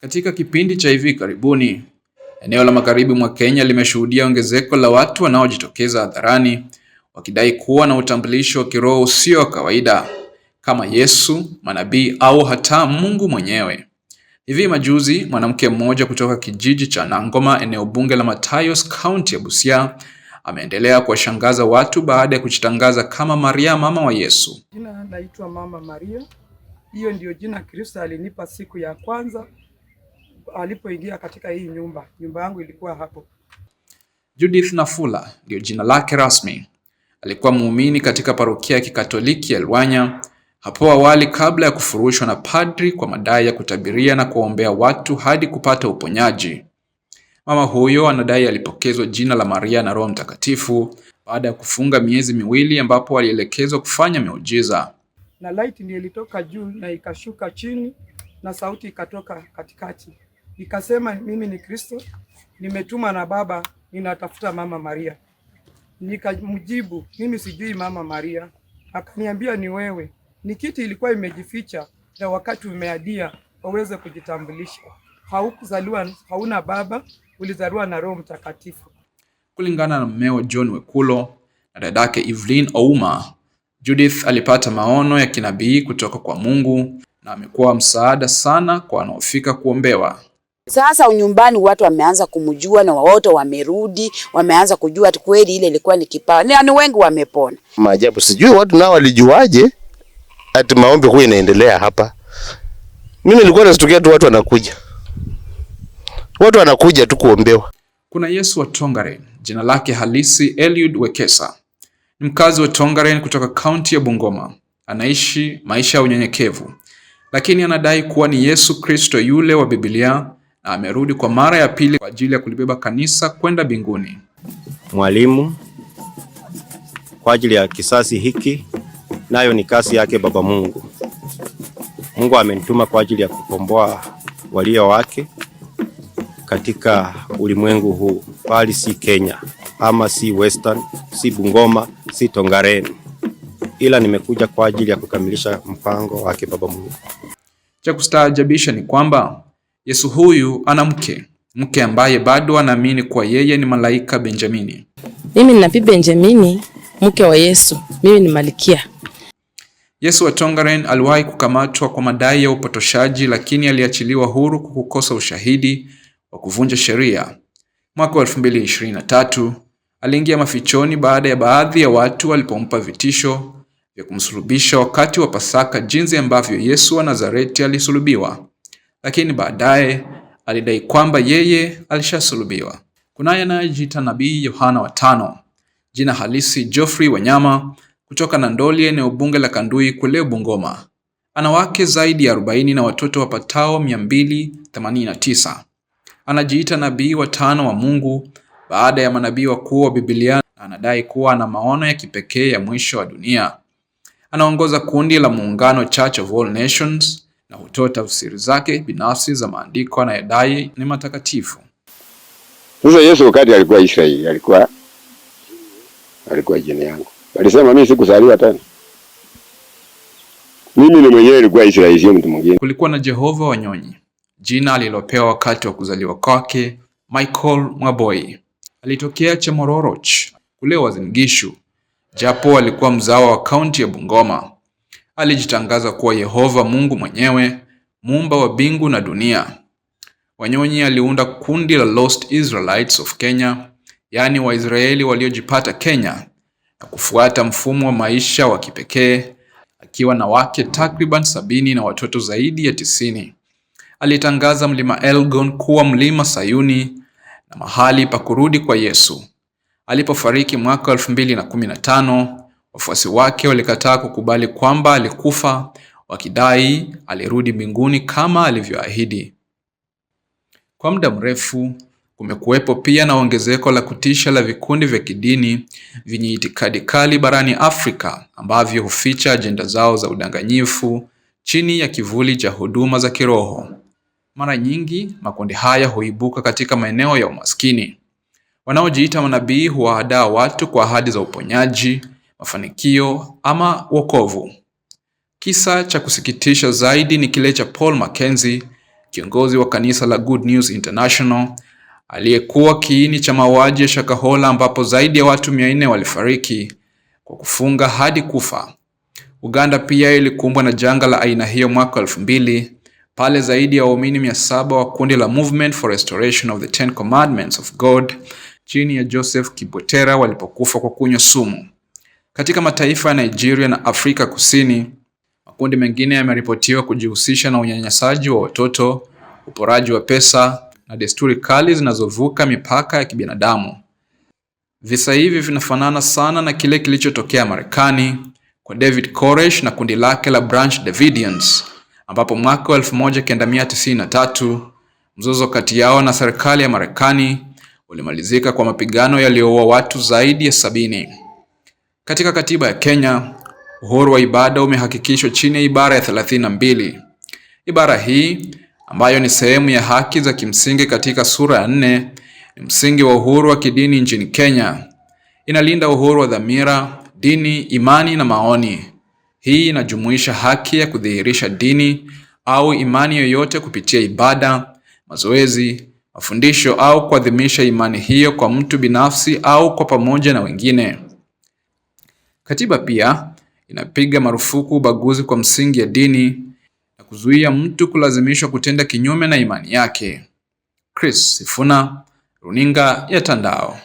Katika kipindi cha hivi karibuni, eneo la magharibi mwa Kenya limeshuhudia ongezeko la watu wanaojitokeza hadharani wakidai kuwa na utambulisho wa kiroho usio wa kawaida kama Yesu, manabii au hata Mungu mwenyewe. Hivi majuzi, mwanamke mmoja kutoka kijiji cha Nangoma, eneo bunge la Matayos, kaunti ya Busia, ameendelea kuwashangaza watu baada ya kujitangaza kama Maria, mama wa Yesu. Jina naitwa Mama Maria, hiyo ndiyo jina Kristo alinipa siku ya kwanza alipoingia katika hii nyumba. Nyumba yangu ilikuwa hapo. Judith Nafula ndiyo jina lake rasmi. Alikuwa muumini katika parokia ya Kikatoliki ya Lwanya hapo awali kabla ya kufurushwa na padri kwa madai ya kutabiria na kuombea watu hadi kupata uponyaji. Mama huyo anadai alipokezwa jina la Maria na Roho Mtakatifu baada ya kufunga miezi miwili ambapo alielekezwa kufanya miujiza. Na light ndio ilitoka juu na ikashuka chini na sauti ikatoka katikati. Nikasema mimi ni Kristo, nimetuma na Baba, ninatafuta mama Maria. Nikamjibu mimi sijui mama Maria. Akaniambia ni wewe. Nikiti ilikuwa imejificha na wakati umeadia waweze kujitambulisha. Haukuzaliwa, hauna baba, ulizaliwa na Roho Mtakatifu. Kulingana na mmeo John Wekulo na dadake Evelyn Ouma, Judith alipata maono ya kinabii kutoka kwa Mungu na amekuwa msaada sana kwa wanaofika kuombewa. Sasa nyumbani watu wameanza kumjua na wote wamerudi, wameanza kujua kweli ile ilikuwa ni kipawa. Ni wengi wamepona. Maajabu, sijui watu nao walijuaje ati maombi huyu inaendelea hapa. Mimi nilikuwa nasitokea tu watu wanakuja, watu wanakuja tu kuombewa. Kuna Yesu wa Tongaren, jina lake halisi Eliud Wekesa, ni mkazi wa Tongaren kutoka kaunti ya Bungoma. Anaishi maisha ya unyenyekevu, lakini anadai kuwa ni Yesu Kristo yule wa Biblia na amerudi kwa mara ya pili kwa ajili ya kulibeba kanisa kwenda mbinguni. Mwalimu kwa ajili ya kisasi hiki, nayo ni kasi yake Baba Mungu. Mungu amenituma kwa ajili ya kukomboa walio wake katika ulimwengu huu, bali si Kenya ama si Western, si Bungoma, si Tongareni, ila nimekuja kwa ajili ya kukamilisha mpango wake Baba Mungu. Cha kustaajabisha ni kwamba Yesu huyu ana mke mke ambaye bado anaamini kuwa yeye ni malaika Benjamini. Mimi ni nabii Benjamini, mke wa Yesu. Mimi ni malikia. Yesu wa Tongaren aliwahi kukamatwa kwa madai ya upotoshaji, lakini aliachiliwa huru kwa kukosa ushahidi wa kuvunja sheria. Mwaka wa 2023 aliingia mafichoni baada ya baadhi ya watu walipompa vitisho vya kumsulubisha wakati wa Pasaka, jinsi ambavyo Yesu wa Nazareti alisulubiwa lakini baadaye alidai kwamba yeye alishasulubiwa. Kunaye anayejiita nabii Yohana wa tano, jina halisi Geoffrey Wanyama, kutoka Nandoli, eneo bunge la Kandui kule Bungoma. Ana wake zaidi ya 40 na watoto wapatao 289. Anajiita nabii wa tano wa Mungu baada ya manabii wakuu wa Biblia. Anadai kuwa ana maono ya kipekee ya mwisho wa dunia. Anaongoza kundi la muungano Church of All Nations na hutoa tafsiri zake binafsi za maandiko anayedai ni matakatifu. Sasa Yesu wakati alikuwa Israeli, alikuwa alikuwa jini yangu, alisema mimi sikuzaliwa tena, mimi ni mwenyewe alikuwa Israeli, sio mtu mwingine. Kulikuwa na Jehova Wanyonyi, jina alilopewa wakati wa kuzaliwa kwake. Michael Mwaboi alitokea Chamororoch kule Wazingishu, japo alikuwa mzawa wa kaunti ya Bungoma alijitangaza kuwa Yehova Mungu mwenyewe, muumba wa bingu na dunia. Wanyonyi aliunda kundi la Lost Israelites of Kenya, yaani Waisraeli waliojipata Kenya na kufuata mfumo wa maisha wa kipekee, akiwa na wake takriban sabini na watoto zaidi ya tisini. Alitangaza mlima Elgon kuwa mlima Sayuni na mahali pa kurudi kwa Yesu. Alipofariki mwaka 2015 Wafuasi wake walikataa kukubali kwamba alikufa, wakidai alirudi mbinguni kama alivyoahidi. Kwa muda mrefu kumekuwepo pia na ongezeko la kutisha la vikundi vya kidini vyenye itikadi kali barani Afrika ambavyo huficha ajenda zao za udanganyifu chini ya kivuli cha huduma za kiroho. Mara nyingi makundi haya huibuka katika maeneo ya umaskini. Wanaojiita manabii huwaadaa watu kwa ahadi za uponyaji, mafanikio ama wokovu. Kisa cha kusikitisha zaidi ni kile cha Paul Mackenzie, kiongozi wa kanisa la Good News International aliyekuwa kiini cha mauaji ya Shakahola ambapo zaidi ya watu mia walifariki kwa kufunga hadi kufa. Uganda pia ilikumbwa na janga la aina hiyo mwaka elfu pale zaidi ya waumini mia saba wa kundi la Movement for Restoration of the Ten Commandments of God chini ya Joseph Kibwetera walipokufa kwa kunywa sumu. Katika mataifa ya Nigeria na Afrika Kusini, makundi mengine yameripotiwa kujihusisha na unyanyasaji wa watoto, uporaji wa pesa na desturi kali zinazovuka mipaka ya kibinadamu. Visa hivi vinafanana sana na kile kilichotokea Marekani kwa David Koresh na kundi lake la Branch Davidians, ambapo mwaka wa 1993 mzozo kati yao na serikali ya Marekani ulimalizika kwa mapigano yaliyoua watu zaidi ya sabini. Katika katiba ya Kenya, uhuru wa ibada umehakikishwa chini ya ibara ya 32. Ibara hii ambayo ni sehemu ya haki za kimsingi katika sura ya nne ni msingi wa uhuru wa kidini nchini Kenya. Inalinda uhuru wa dhamira, dini, imani na maoni. Hii inajumuisha haki ya kudhihirisha dini au imani yoyote kupitia ibada, mazoezi, mafundisho au kuadhimisha imani hiyo kwa mtu binafsi au kwa pamoja na wengine. Katiba pia inapiga marufuku ubaguzi kwa msingi ya dini na kuzuia mtu kulazimishwa kutenda kinyume na imani yake. Chris Sifuna, Runinga ya Tandao.